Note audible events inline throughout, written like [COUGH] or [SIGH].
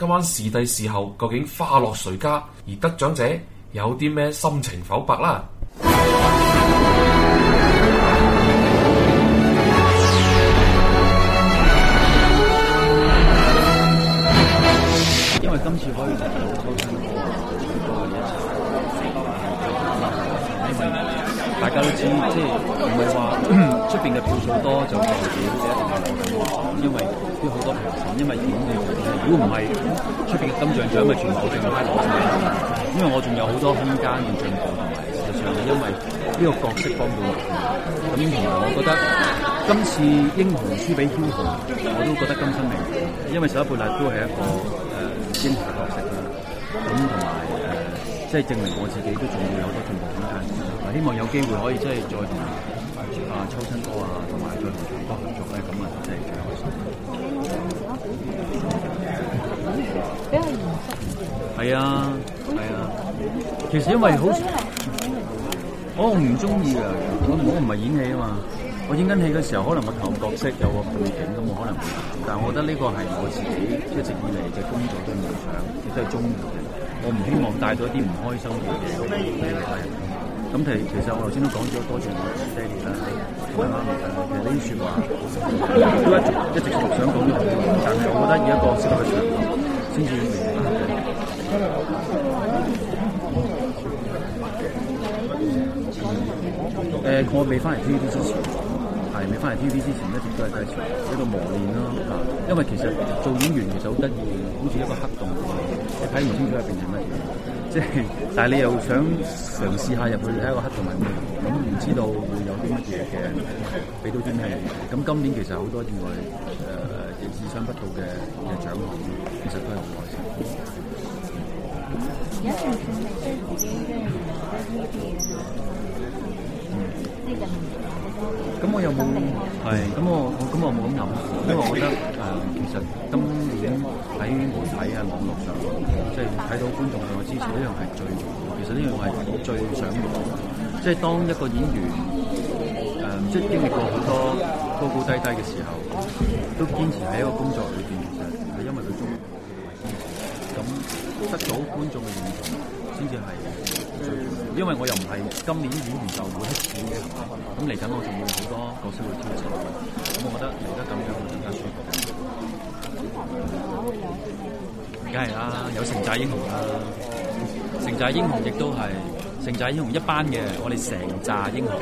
今晚是帝是后，究竟花落誰家？而得獎者有啲咩心情剖白？白啦！出邊嘅票數多就代表一定係因為都好多評審，因為演戲，如果唔係出邊嘅金像獎咪全部淨係攤落我身上啦。因為我仲有好多空間嘅進步同埋，事實上係因為呢個角色改變。咁同埋我覺得今次英雄輸俾梟雄，我都覺得甘心嘅，因為守一貝勒都係一個誒英雄角色啦。咁同埋誒。即係證明我自己都仲會有好多進步啦，嗱，希望有機會可以即係再啊秋生哥啊，同埋再同長江合作咧，咁啊，即係最開心。比係、嗯、啊。係啊。其實因為好，我唔中意㗎，我我唔係演戲啊嘛，我演緊戲嘅時候，可能我頭角色，有個背景都我可能，但係我覺得呢個係我自己一直以嚟嘅工作嘅夢想，亦都係中意嘅。我唔希望帶到一啲唔開心嘅嘢。係，咁其其實我頭先都講咗多謝我爹哋啦，媽媽唔緊，其實呢啲說話都一直一直想講啲嘢，但係我覺得以一個適當嘅場合先至。誒，我俾翻嚟啲啲之前你翻嚟 TVB 之前一直都係在做一個磨練咯，吓，因為其實做演員其實好得意，好似一個黑洞咁，你睇唔清楚入邊係乜嘢，即係，但係你又想嘗試下入去睇一個黑洞入面，咁唔知道會有啲乜嘢嘅，俾到尊氣。咁今年其實好多意外誒，嘅、呃、意想不到嘅嘅獎項，其實都係好可惜。 [NOISE] 嗯，咁我又冇，係是，咁、嗯、我，咁我冇咁諗，因為我覺得，誒、呃，其實今年喺媒體啊、網絡上，即係睇到觀眾同我支持，呢樣係最重要。其實呢樣係我最想望，即、就、係、是、當一個演員，誒、呃，即係經歷過好多高高低低嘅時候，都堅持喺一個工作裏邊，係、就是、因為佢中意，咁得咗觀眾嘅認同，先至係。因為我又唔係今年演完就冇戲嘅，咁嚟緊我仲要好多角色會挑戰，咁我覺得嚟得咁樣會更加舒服。梗係啦，有城寨英雄啦、啊，城寨英雄亦都係城寨英雄一班嘅，我哋城寨英雄，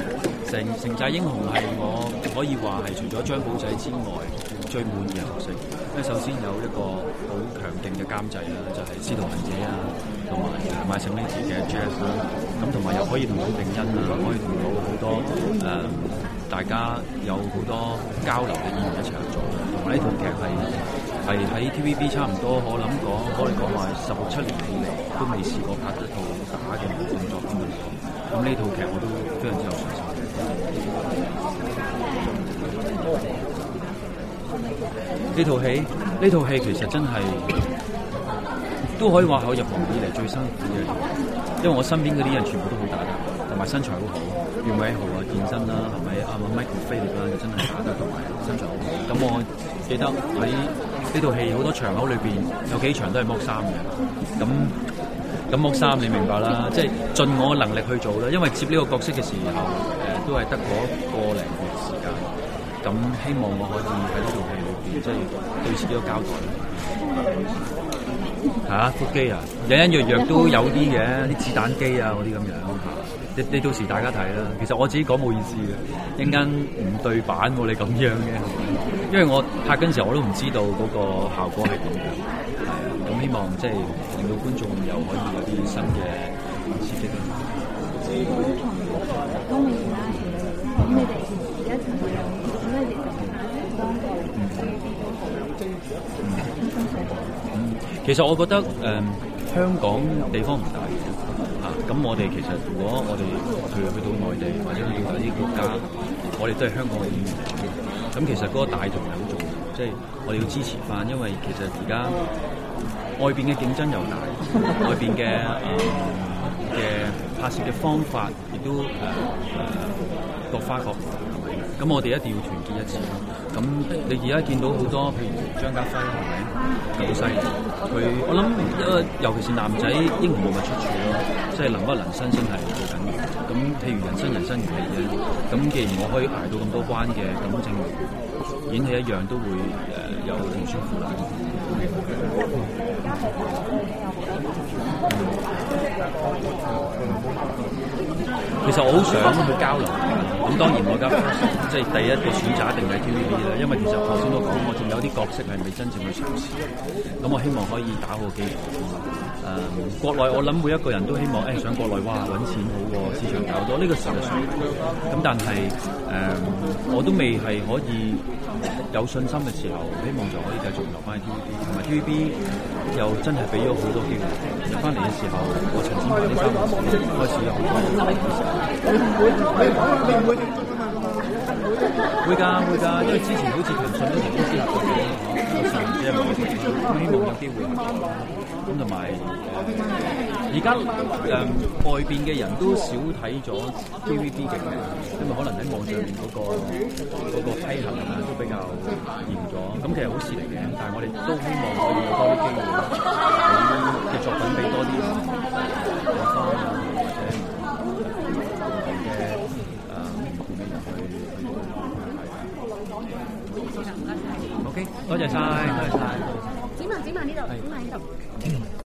成城，城寨英雄係我可以話係除咗張保仔之外最滿意嘅角色，因為首先有一個好強勁嘅監製啊，就係、是、司徒行者。啊。同埋買上呢啲嘅 jazz 啦，咁同埋又可以同到定欣啊，可以同到好多誒，大家有好多交流嘅演員一齊合作。同埋呢套劇係係喺 TVB 差唔多，我諗講我哋講話十六七年以嚟都未試過拍一套打嘅動作品。咁呢套劇我都非常之有信心。呢套戲呢套戲其實真係～都可以話我入行以嚟最辛苦嘅一套，因為我身邊嗰啲人全部都好打得好好，好好，好好打得，同埋身材好好，袁偉豪啊，健身啦，係咪啊 Michael 飛啦，真係打得同埋身材好好。咁我記得喺呢套戲好多場口裏邊有幾場都係剝衫嘅，咁咁剝衫你明白啦，即、就、係、是、盡我能力去做啦。因為接呢個角色嘅時候誒、呃、都係得嗰個零月時間，咁希望我可以喺呢套戲裏邊即係對自己有交代。嗯嚇，腹肌啊，隱隱約約都有啲嘅，啲子彈肌啊，嗰啲咁樣嚇。你你到時大家睇啦。其實我自己講冇意思嘅，一陣間唔對版喎，我哋咁樣嘅，因為我拍緊時候我都唔知道嗰個效果係咁嘅，係啊。咁希望即係令到觀眾又可以有啲新嘅刺激啦。嗯嗯其實我覺得誒、嗯、香港地方唔大嘅，嚇、啊、咁我哋其實如果我哋譬如去到內地或者去到某啲國家，我哋都係香港嘅演員嚟嘅。咁、嗯、其實嗰個帶動係好重要，即、就、係、是、我哋要支持翻，因為其實而家外邊嘅競爭又大，外邊嘅誒嘅拍攝嘅方法亦都誒。嗯嗯各花各眼，係咪？咁我哋一定要團結一致，咁你而家見到好多，譬如張家輝，係咪？咁犀利？佢我諗，因、呃、尤其是男仔，英雄冇乜出處咯，即、就、係、是、能不能身先係最緊要。咁譬如人生，人生如戲嘅，咁既然我可以挨到咁多關嘅，咁正如演戲一樣，都會誒、呃、有點舒服。啦、嗯。嗯、其實我好想去交流，咁、嗯、當然我而家即係第一個選擇一定係 TVB 啦，因為其實頭先都講，我仲有啲角色係未真正去嘗試，咁、嗯、我希望可以打好基礎。誒、嗯，國內我諗每一個人都希望誒，上、哎、國內哇，搵錢好，市場搞多呢、這個事實上咁，但係誒、嗯，我都未係可以有信心嘅時候，希望就可以繼續留翻喺 TVB，同埋 TVB 又真係俾咗好多機會入翻嚟嘅時候，唔會使用，會噶會噶，因為之前好似騰訊嗰啲公司，有時嘅平台都希望有機會。咁同埋，而家誒外邊嘅人都少睇咗 TVB 嘅，因為可能喺網上面、那、嗰個嗰、那個批評啊都比較嚴咗。咁其實好事嚟嘅，但係我哋都希望可以有多啲機會嘅作品，俾多啲。多謝曬，多謝曬。展鵬展鵬呢度，展鵬呢度。是